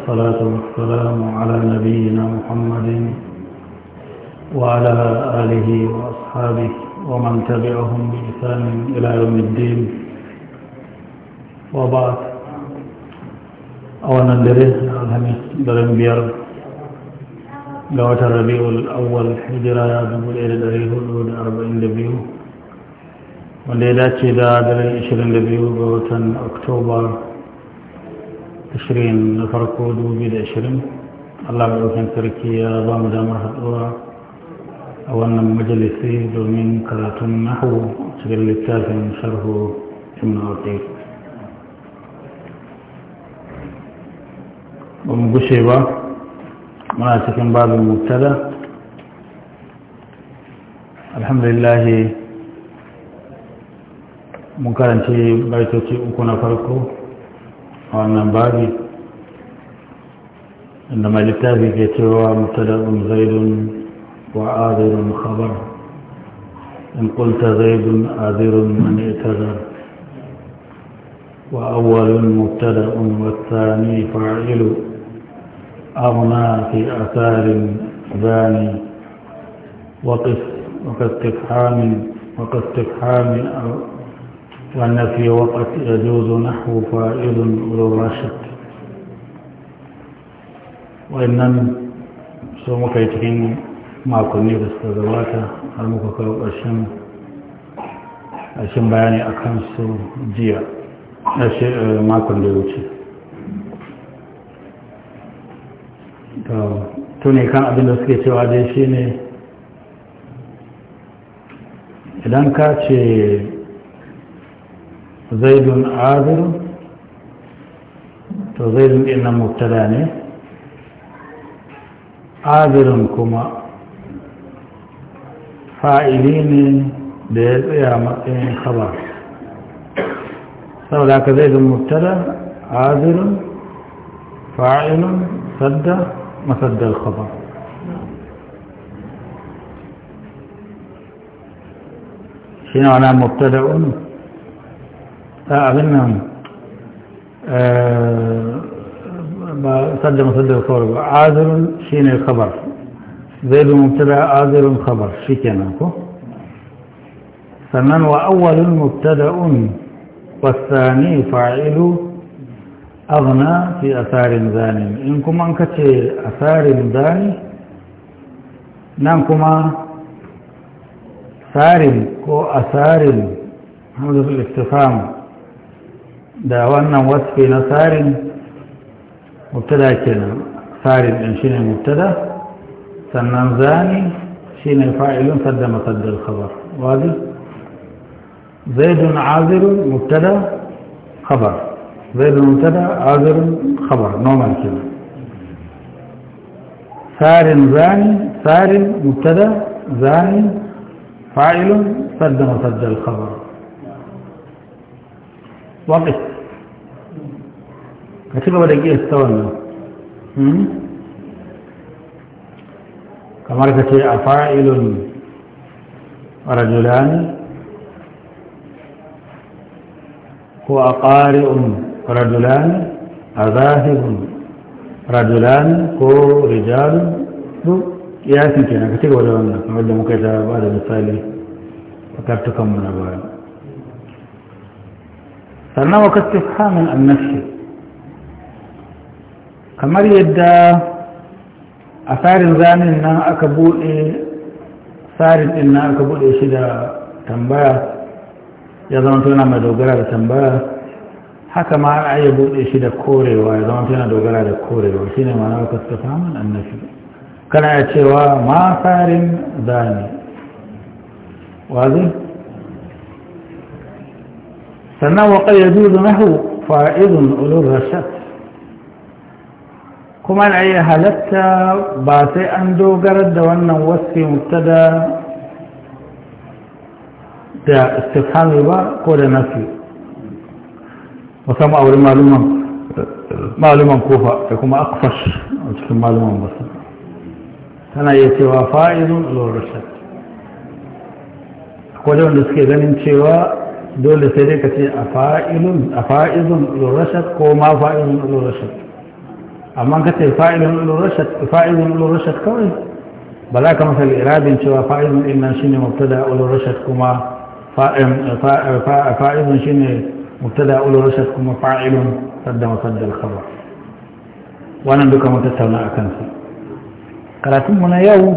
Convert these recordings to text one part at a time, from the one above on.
والصلاة والسلام على نبينا محمد وعلى آله وأصحابه ومن تبعهم بإحسان إلى يوم الدين وبعد أولا درس الهميس درن بيار لوات الربيع الأول هجرة يابن إلى دريه الأول أربعين دبيو wanda ya dace da daren 22 ga watan oktoba ashirin na farko 2020 allah ɗaukin sarki ya ba mu damar haɗuwa a wannan majalisi domin karatun nahu cikin littafin sharhu ibn waqi ba mu gushe ba muna cikin babin muktala alhamdulillah mun karanci baitoci uku na farko a wannan babi inda mai littafi ke cewa mutadadun zaidun wa azirun khabar in kunta zaidun azirun man itazar wa awwalun mutadadun wasani fa'ilu أغنى في أثار ذاني وقف وكاستفهام وكاستفهام وأن في وقت يجوز نحو فائض أولو راشد وإنن سوما كيتكين ما كوني بستغواتا المكا كرو أشم أشم بياني أكنسو جيا أشي ما كوني وشي توني كان abin da suke شيني إذن كاتشي zaidun aziru to zaidun ɗin nan mubtada ne azirun kuma fa'ili ne da ya tsaya matsayin kaba. Sau da ka zaidun mubtada azirun fa'ilun sadda masaddar khabar شنو معنى مبتدا abin nan eh, ba sadda masadda kawar ba azirun shi ne kabar zai bi mubtada azirun kabar shi kenan ko sannan wa awwalin un wasani fa'ilu azna fi asarin zani in kuma an kace asarin zane nan kuma sarin ko asarin hamzatul istifam da wannan wasfi na tsarin mubtada kenan tsarin din shine mubtada sannan zani shine fa'ilun sadda masaddar khabar wadi zaidun azirun mubtada khabar zaidun mubtada azirun khabar normal kenan ثار زاني ثار مبتدا زاني فاعل صد مصد الخبر وقف ka ci gaba da ƙiyasta wannan hmm? kamar ka ce a fa'ilun rajulani ko a ƙari'un rajulani a zahirun rajulani ko rijalun duk ƙiyasin kenan ka ci gaba da wannan kamar da muka yi ta ba da misali a kartukanmu na baya sannan wa kastifhamin annashi kamar yadda a farin zanen nan aka buɗe farin ɗin nan aka buɗe shi da tambaya ya zama tuna mai dogara da tambaya haka ma a yi buɗe shi da korewa ya zama tuna dogara da korewa shi ne mana ka suka samun annafi kana ya cewa ma farin zane wazi sannan wa ya zuzu nahu fa'izun ulur rashat kuma na iya halatta ba sai an dogarar da wannan wasu mutada da istifhami ba ko da nafi musamman a wurin maluman kofa da kuma akfash a cikin maluman basu tana iya cewa fa'izun alwarushat akwai da wanda suke ganin cewa dole sai dai ka ce a fa'izun alwarushat ko ma fa'izun alwarushat amma ka ce fa'ilun rashad fa'ilun rashad kawai ba za ka masa irabin cewa fa'ilun din nan shine mubtada ulul rashad kuma fa'ilun shine mubtada ulul rashad kuma fa'ilun sadda musaddal khabar wannan duka mun tattauna akan su karatun mu na yau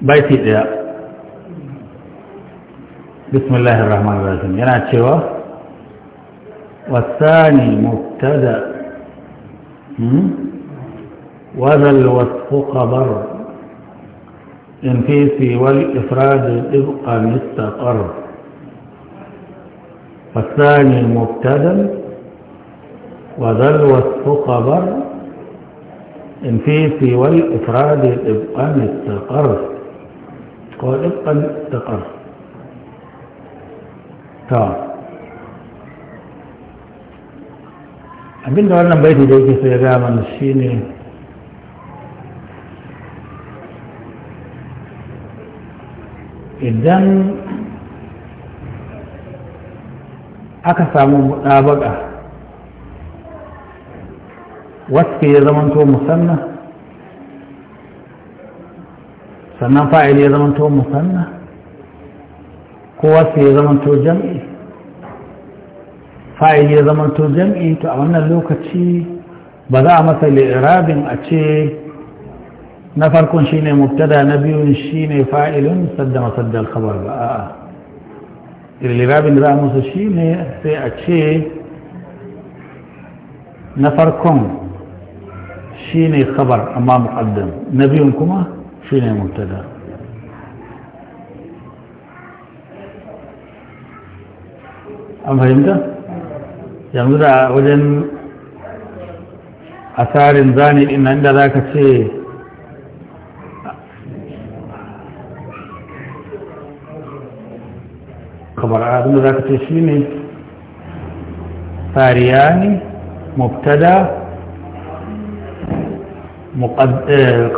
baiti daya بسم الله الرحمن الرحيم ينعت شوى والثاني مبتدا وذا الوصف خبر إن في سوى والافراد إبقى مستقر والثاني مبتدا وذا الوصف خبر إن في سوى والافراد إبقى مستقر قال إبقى مستقر تمام abinda wannan baiti da yake so ya gaya mana shine idan aka samu mutabaka wasu ya zamanto musamman sannan fa'ili ya zamanto musamman ko wasu ya zamanto jam'i fa'il ya zama to jam'i to a wannan lokaci ba za a masa li'irabin a ce na farkon shine mubtada na biyun shine fa'ilun sadda masaddal khabar ba a'a li'irabin da za a masa shine sai a ce na farkon shine khabar amma muqaddam na biyun kuma shine mubtada أم فهمت؟ yanzu da wajen asarin zane ina inda za ka ce kamar abinda za ka ce shi ne tsariya ne mubtada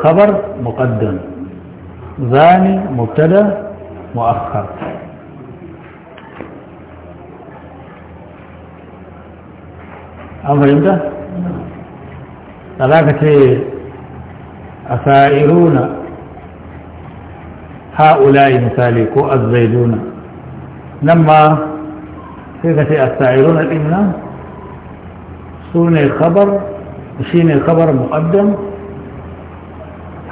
خبر muqaddam زاني مبتدا مؤخر an fahimta A za ka ce a sa'iruna ha'ulayi misali ko azzaiduna nan ma sai ka ce a sa'iruna ɗin nan su ne kabar shi ne kabar mu'addam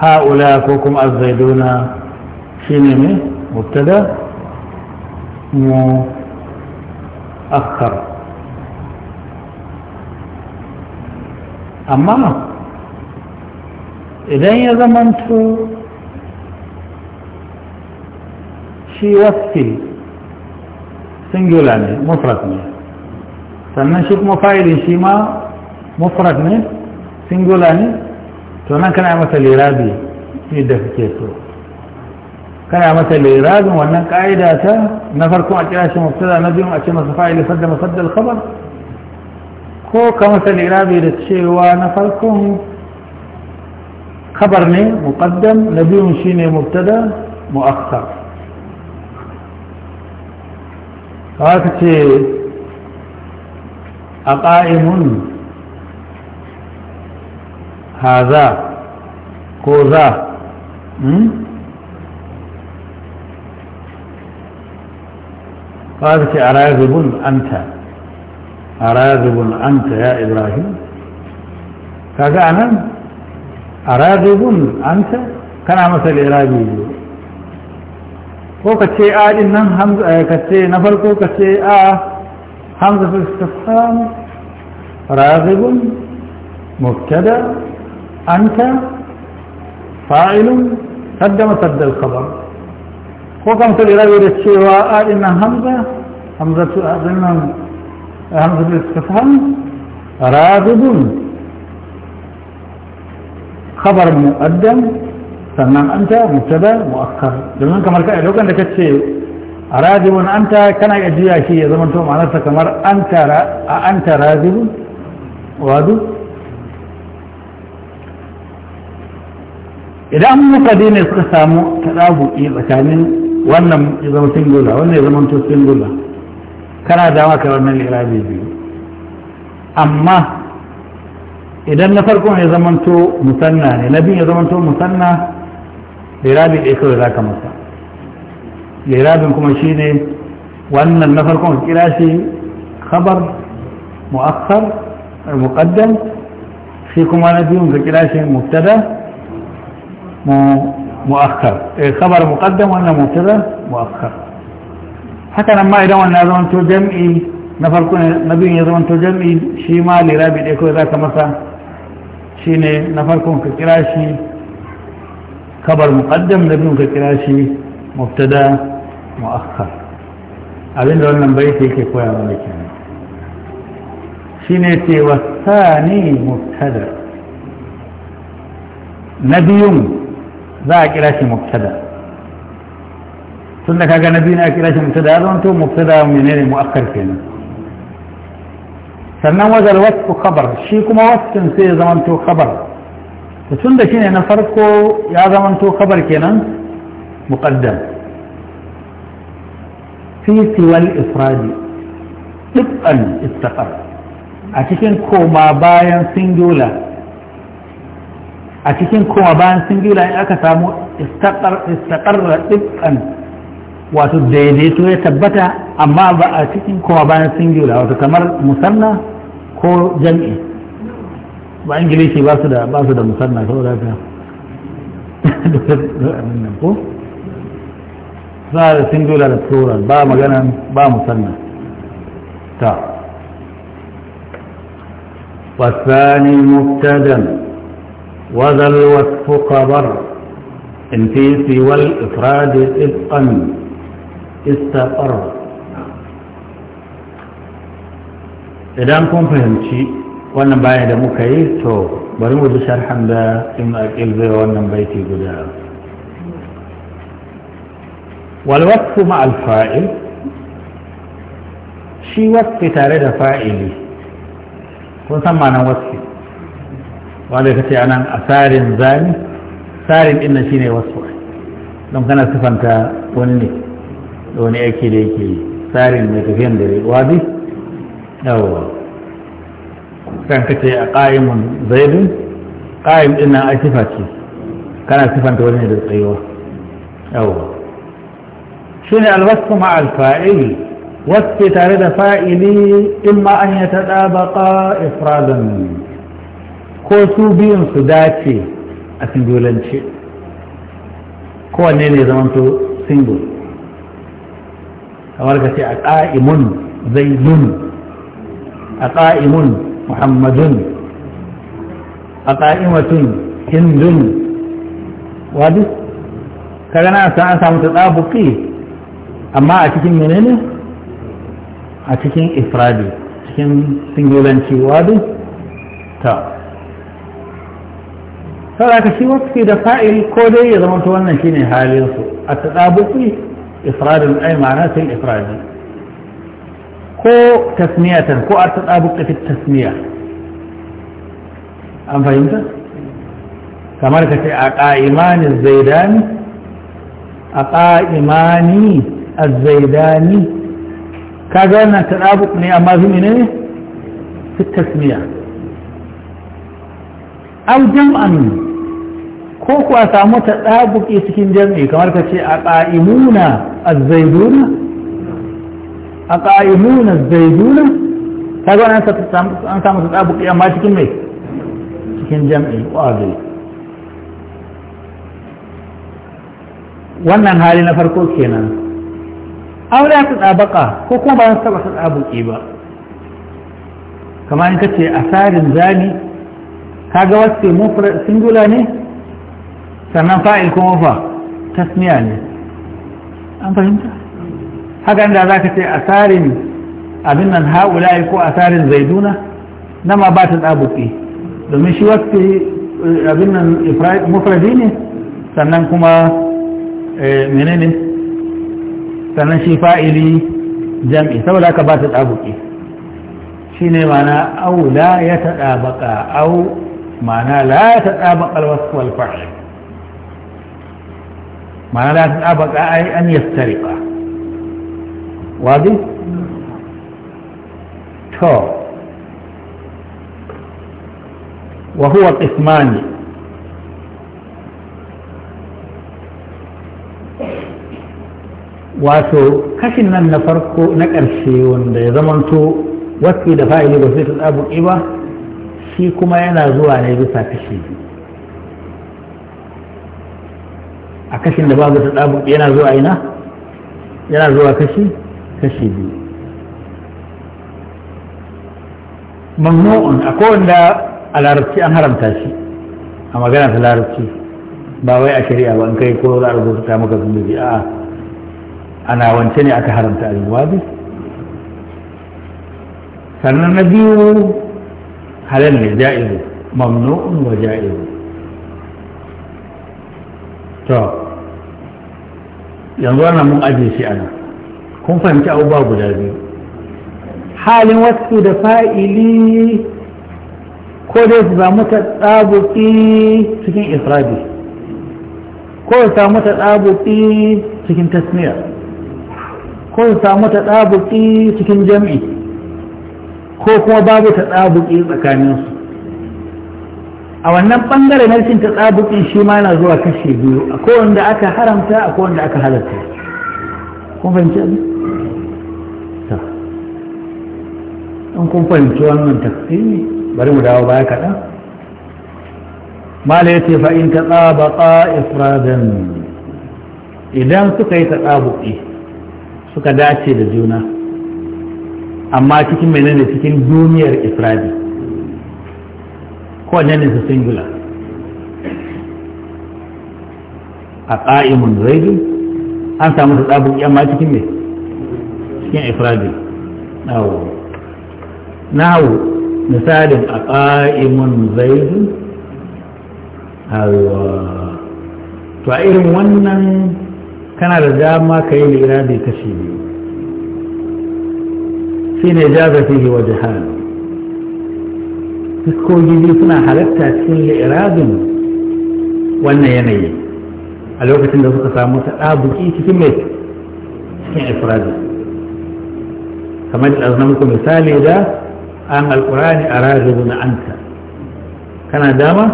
ha'ula ko kuma azzaiduna shi ne mai mubtada mu akhar amma idan ya zamanto shi wasfil singular ne mufrat ne sannan shi kuma fa'ilin shi ma mufrat ne singular ne to nan kana masa lirabi yadda kake so kana masa lirabin wannan ka'ida ta na farko a kira shi mubtada na biyu a ce masa fa'ili sadda masadda al-khabar ko ka masa lirabi da cewa na farkon kabar ne muqaddam na biyun shine mubtada mu'akhkhar haka ce a ƙa'imun haza ko za hmm? haka ce a ragibun anta a razibin ya ibrahim kaga a nan a kana masa lirabi biyu ko ka ce a din nan ka ce na farko ka ce a hamza su ta samu mubtada anta fa'ilun قدم سد الخبر هو كم تلي رأي رسيوا آل إن همزة همزة nan. أحمد الاستفهام راغب خبر مقدم سنان أنت مبتدا مؤخر لمن كما الكائل لو كان لك الشيء راغب أنت كان يجي شيء إذا من توم عرفت كمر أنت را أنت راغب وادو إذا أم مقدين استفهام تراغب إيه بكامل wannan ya zama singular wannan ya zama to singular kana dawa kai wannan irabi biyu amma idan na farkon ya zamanto musanna ne na biyu ya zamanto musanna lirabi ɗaya kawai za ka masa lirabin kuma shi ne wannan na farkon kira shi khabar mu'akkar muqaddam shi kuma na biyun ka kira shi mubtada mu'akkar khabar muqaddam wannan mubtada mu'akkar haka nan ma idan wannan zaman to jam'i na farko na biyun ya zaman to jam'i shi ma lirabi ɗaya kawai za ka masa shi ne na farkon ka kira shi kabar muqaddam da biyun ka kira shi mubtada mu'akhkhar abinda wannan baiti yake koya mana kenan shine ce wasani muftada na biyun za a kira shi mubtada سنة كاكا نبينا كلاش مبتدا أنتم مبتدا منين مؤخر فينا سنة وزر الوصف خبر شيكم وصف سي زمانتو خبر سنة كينا نفرقو يا زمانتو خبر كينا مقدم في سوى الإفراد طبعا استقر أتكين كوما باين سنجولا أتكين كوما باين سنجولا أكثر استقر استقر طبعا wato daidaito ya tabbata amma ba a cikin kowa bayan singular wato kamar musanna ko jami'i ba ingilishi ba su da ba su da musanna ko da ta za a da singular da plural ba maganan ba musanna ta wasani muktadan wazal wasu kabar in fi siwal ifradi إذ istaqarra idan kun fahimci wannan bayan da muka yi to bari mu ji sharhan da in aqil zai wannan baiti guda wal waqfu ma al fa'il shi wasu tare da fa'ili kun san ma'anar wasu wanda kace a tsarin zani sarin din shine wasfu don kana sifanta wani ne da wani yake da yake tsarin mai tafiyan da rai wadi yawa kan ka a ƙa'imun zaidun ƙa'im ɗin nan a sifa ce kana sifanta wani da tsayuwa yawa shi ne alwasu ma'al fa'ili wasu tare da fa'ili in ma an ya taɗa baƙa ifradan ko su biyun su dace a singulance kowanne ne zamanto single kamar ka ce a ƙa'imun zaidun a ƙa'imun muhammadun a ƙa'imatun hindun wadu kaga na an samu ta tsabuki amma a cikin menene a cikin ifradi cikin singulanci wadu ta da ka shi wakfi da fa'il ko dai ya zama wannan shine halinsu a ta tsabuki إفراد أي معناته الإفرادي كو تسمية كو أرتد في التسمية أم فهمت؟ كما لك أقائمان الزيدان أقائماني الزيداني كذلك أن التنابق أما في في التسمية أو جمعا ko kuwa samu ta ɗabuƙi cikin jam'i kamar ka ce a ƙa'imuna zaiduna a ƙa'imuna zaiduna ta ga an samu ta ɗabuƙi amma cikin mai cikin jam'i ƙwazo wannan hali na farko kenan aure ta ɗabaka ko kuma ba su taɓa ta ɗabuƙi ba kamar in ka ce a tsarin zani kaga wasu singular ne سنن قائل كوفا تسمياني أنت فهمت هكا عند ذاك أثار أبنا هؤلاء كو أثار زيدونة نما باتت أبوكي دمشي وقت أظن مفرديني سنن كما إيه، منين سنن شفائي لي جمعي سولا كباتت أبوكي شيني معنى أو لا يتأبقى أو معنى لا يتأبقى الوصف والفعل ما لا تنابق أي أن يسترق واضح تو وهو قسمان واتو كشنا النفرق نكرشي وندى زمنتو وكي دفاعي لبسيط الأبو إبا إيوه. شيكما ينازوا عليه بساكشي kashin da babu ta ɗabu yana zuwa ina yana zuwa kashi kashi biyu mamnu'un a da a larabci an haramta shi a magana ta larabci ba wai a shari'a ba in kai ko za a rubuta ta maka zunubi a ana wance ne aka haramta alwabi sannan na biyu halal ne ja'iru mamnu'un wa ja'iru to yanzu wannan mun aje shi ana kun fahimci abubuwa guda biyu halin wasu da fa'ili ko dai su samu ta tsabuki cikin ifradi ko su samu ta tsabuki cikin tasmiya ko su samu ta tsabuki cikin jami’i ko kuma babu ta tsabuki tsakaninsu a wannan bangare na cin ta tsabuki shi ma yana zuwa kashe biyu a kowane wanda aka haramta a kowane wanda aka halarta kun fahimci abin in kun fahimci wannan tafsiri bari mu dawo baya kaɗan mala ya ce fa'in ta tsabaka ifradan idan suka yi ta tsabuki suka dace da juna amma cikin menene cikin duniyar ifradi kowanne is singular a ƙa'imun zaidu an samu da tsabin ma cikin mai cikin ifradi nawo nawo misalin a ƙa'imun zaidu to a irin wannan kana da dama ka yi lirabi kashi biyu shi ne jaza fihi wa jihar fiskogi biyu suna halatta cikin li'iradin wannan yanayi a lokacin da suka samu ta ɗabuki cikin mai cikin ifradi kamar da ɗazna muku misali da an alƙurani a ragibu na anta kana dama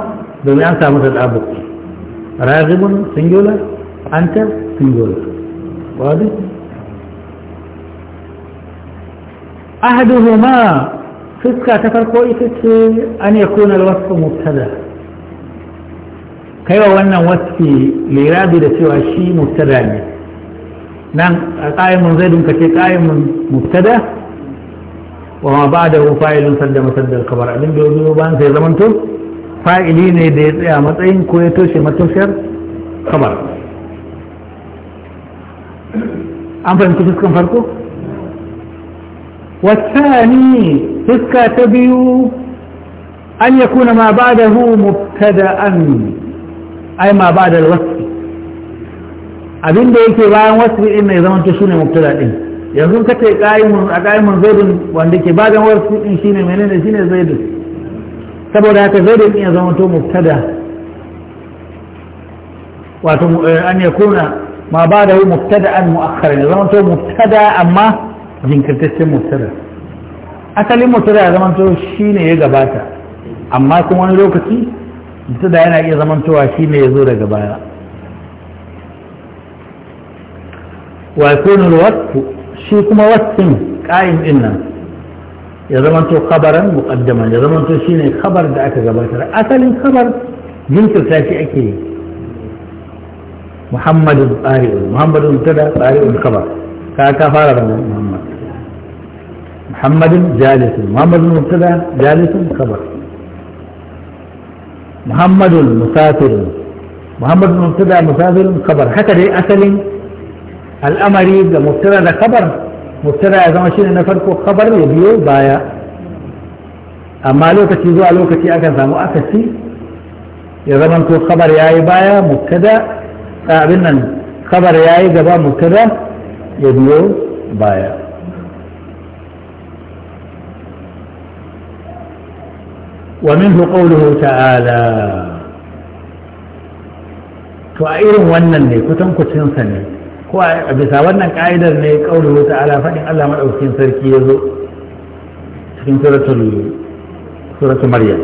domin an samu ta ɗabuki ragibun singular anta singular wadda ahaduhuma fuska ta farko ita ce an ya kuna wasu mubtada kai wa wannan wasu lirabi da cewa shi mubtada ne nan a ƙa'imin zai dunka ce ƙa'imin mubtada wa ma ba da fa'ilun sadda masaddar kabar abin da yau bayan sai zamanto fa'ili ne da ya tsaya matsayin ko ya toshe matushiyar kabar an fahimci fuskan farko والثاني فسكة تبيو أن يكون ما بعده مبتدأ أي ما بعد الوصف أبين ديك يكي باين وصف إن إذا أنت شون مبتدأ إن يظن كتير قائم قائم زيد وعندك بعد وصف إن شين منين شين زيد saboda haka زيد إن إذا zama to mubtada wato يكون ما بعده مبتدأ مؤخرا إذا mubtada an mu'akkar ne zama to mubtada asalin mutum ya zamanto shi ne ya gabata amma kuma wani lokaci mutu da yana iya zamantowa shi ne ya zo daga baya wa yakunu alwaqtu shi kuma waqtin qa'im din nan ya zamanto khabaran muqaddaman ya zamanto shine khabar da aka gabatar asalin khabar jinkirta shi ake yi muhammadun tsari'un muhammadun tada tsari'un khabar ka ka fara da محمد جالس محمد المبتدا جالس خبر محمد المسافر محمد المبتدا مسافر خبر حتى دي اصل الامر يبقى مبتدا خبر مبتدا اذا ما شينا نفرق خبر يبيو بايا اما لو كتي زو لو كتي اكن سامو اكسي يا زمان كو خبر ياي بايا مبتدا تابعنا خبر ياي جبا مبتدا يبيو بايا ومنه قوله تعالى to a irin wannan ne kutan kucinsa ne ko a bisa wannan ka'idar ne kauluhu ta'ala faɗin Allah maɗaukakin sarki ya zo cikin suratul maryam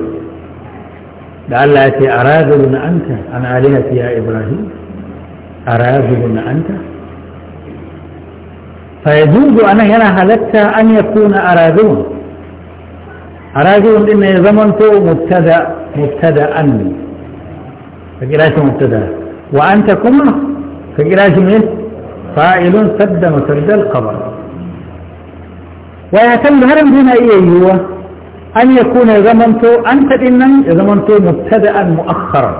da Allah ya ce a razulun anta an alihati ya ibrahim a razulun anta fa yajuzu anan yana halatta an yakuna arazulun أراجل إن تو مبتدأ مبتدأ فقراش مبتدأ وأنت كما فقراش من فاعل سد مسد القبر ويتم هرم هنا إيه هو أن يكون تو أنت إن تو مبتدأ مؤخرا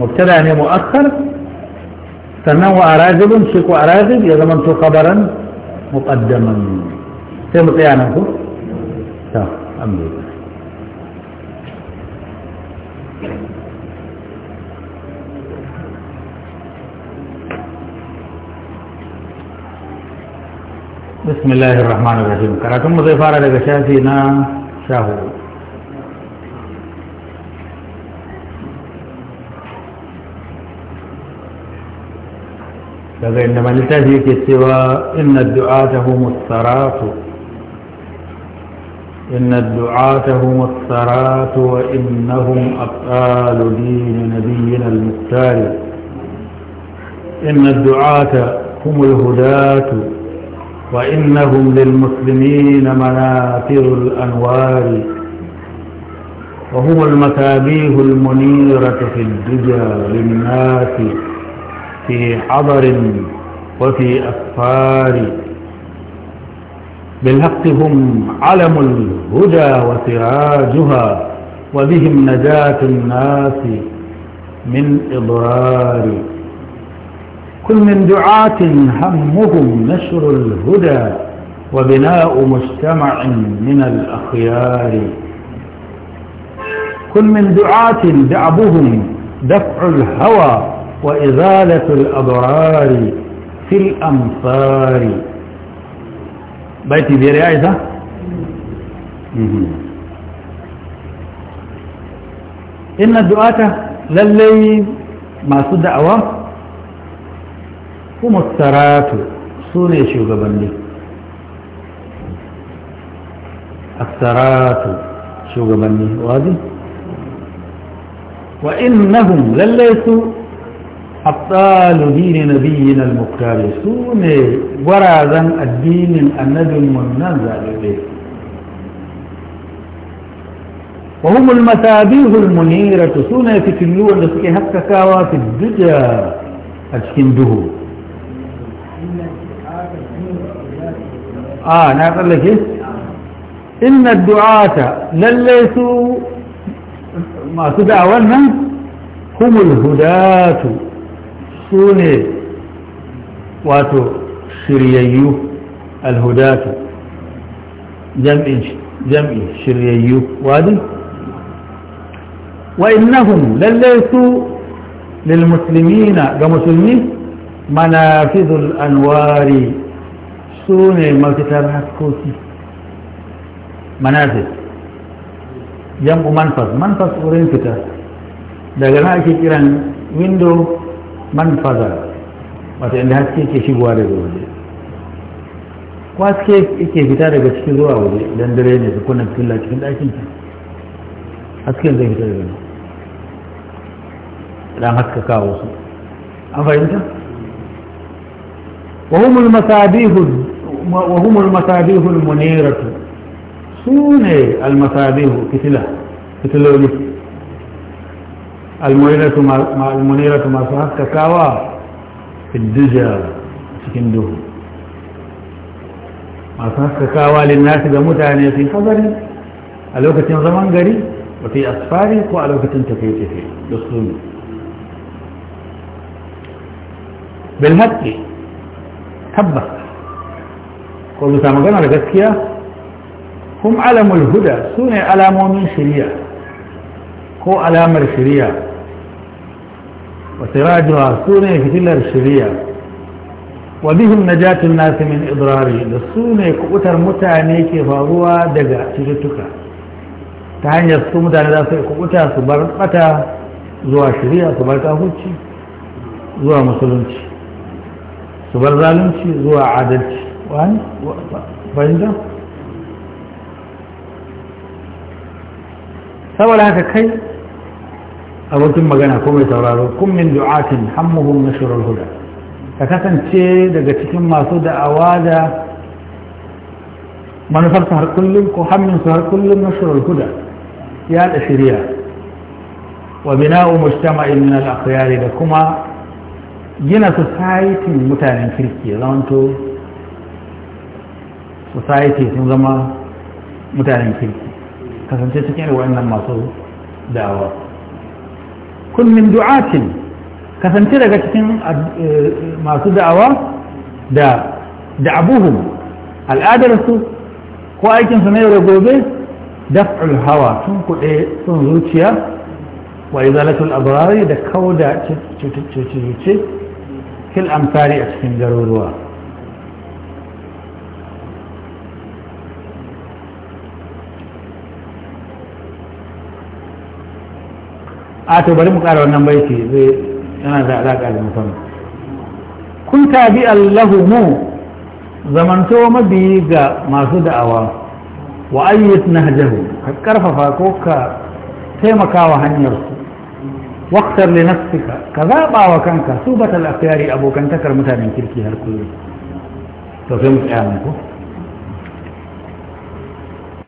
مبتدأ يعني مؤخر فنو أراجب شيك أراجب تو خبرا مقدما تمطيانكم أمر بسم الله الرحمن الرحيم كراتم على لغشافي نا شاهو لذا إنما لتهيك السوى إن الدعاة هم الصراط إن الدعاة هم الثرات وإنهم أبطال دين نبينا المختار إن الدعاة هم الهداة وإنهم للمسلمين منافر الأنوار وهم المتابيه المنيرة في الدجى للناس في حضر وفي أسفار بالحق هم علم الهدى وسراجها وبهم نجاة الناس من إضرار كن من دعاة همهم نشر الهدى وبناء مجتمع من الأخيار كن من دعاة دعبهم دفع الهوى وإزالة الأضرار في الأمصار بيتي بيري عايزة إن الدعاة للليل ما صد أوام هم السرات سوري شو قبل لي السرات شو قبل لي وادي وإنهم لليسوا أبطال دين نبينا المكتاب سوني wurazan الدين annabin wannan zalibe وهم المتابيه المنيرة سنة في تلو أن تسكي كاوا في الدجا أجكنده آه نعقل لك إيه؟ إن الدعاة لليسوا ما سدع هم الهداة سنة واتو شرييو الهداك جمع شرييو وادي وإنهم لليسوا للمسلمين كمسلمين منافذ الأنوار سون ملتتابها كوتي منافذ جمع منفذ منفذ أورين كتاب دقنا أكي كيران ويندو منفذ ما كيشي بواري ko haske yake fita daga cikin zuwa waje idan dare ne su kunna fitila cikin ɗakin ki hasken zai fita daga nan haska kawo wasu an fahimta وهم المصابيح وهم المصابيح المنيرة سوني المصابيح كتلة كتلة AlMuniratu masu haska kawa? سهك cikin duhu. masu haskakawa linnasi ga mutane fi hazari a lokacin zaman gari wata yi asfari ko a lokacin tafiye-tafiye da su ne bilhaƙi tabbas ko bisa magana da gaskiya kuma alamul huda su ne alamomin shirya ko alamar shirya wasu rajuwa su ne fitilar shirya wa bihim najatun nasi min idrari da su ne kubutar mutane ke faruwa daga cututtuka ta hanyar su mutane za su kubuta su bar bata zuwa shari'a su bar kahuci su bar zalunci zuwa adalci saboda haka kai abokin magana ko mai sauraro kun du'atin hammuhum ka kasance daga cikin masu da'awa da manufarsa har kullum ko hamminsu har kullum na shirar guda ya da shirya wa bina mujtama'in min al-akhyari da kuma gina society mutanen kirki ya zamanto society sun zama mutanen kirki kasance cikin wannan masu da'awa kullum du'atin kasance daga cikin eh, masu da'awa da da al'adarsu ko aikinsu na yau da gobe daf'ul hawa sun kuɗe sun zuciya wa izalatul abrari da kauda cuce-cuce amsari a cikin garuruwa a to bari mu ƙara wannan baiti zai yana da alaƙa da mutum kun tabi allahu mu zamanto mabiyi ga masu da'awa wa na nahjahu ka karfafa ko ka taimaka wa hanyar su waqtar li nafsika ka zaba wa kanka subatal akhyari abokan takar mutanen kirki har kullum to sai mu tsaya ko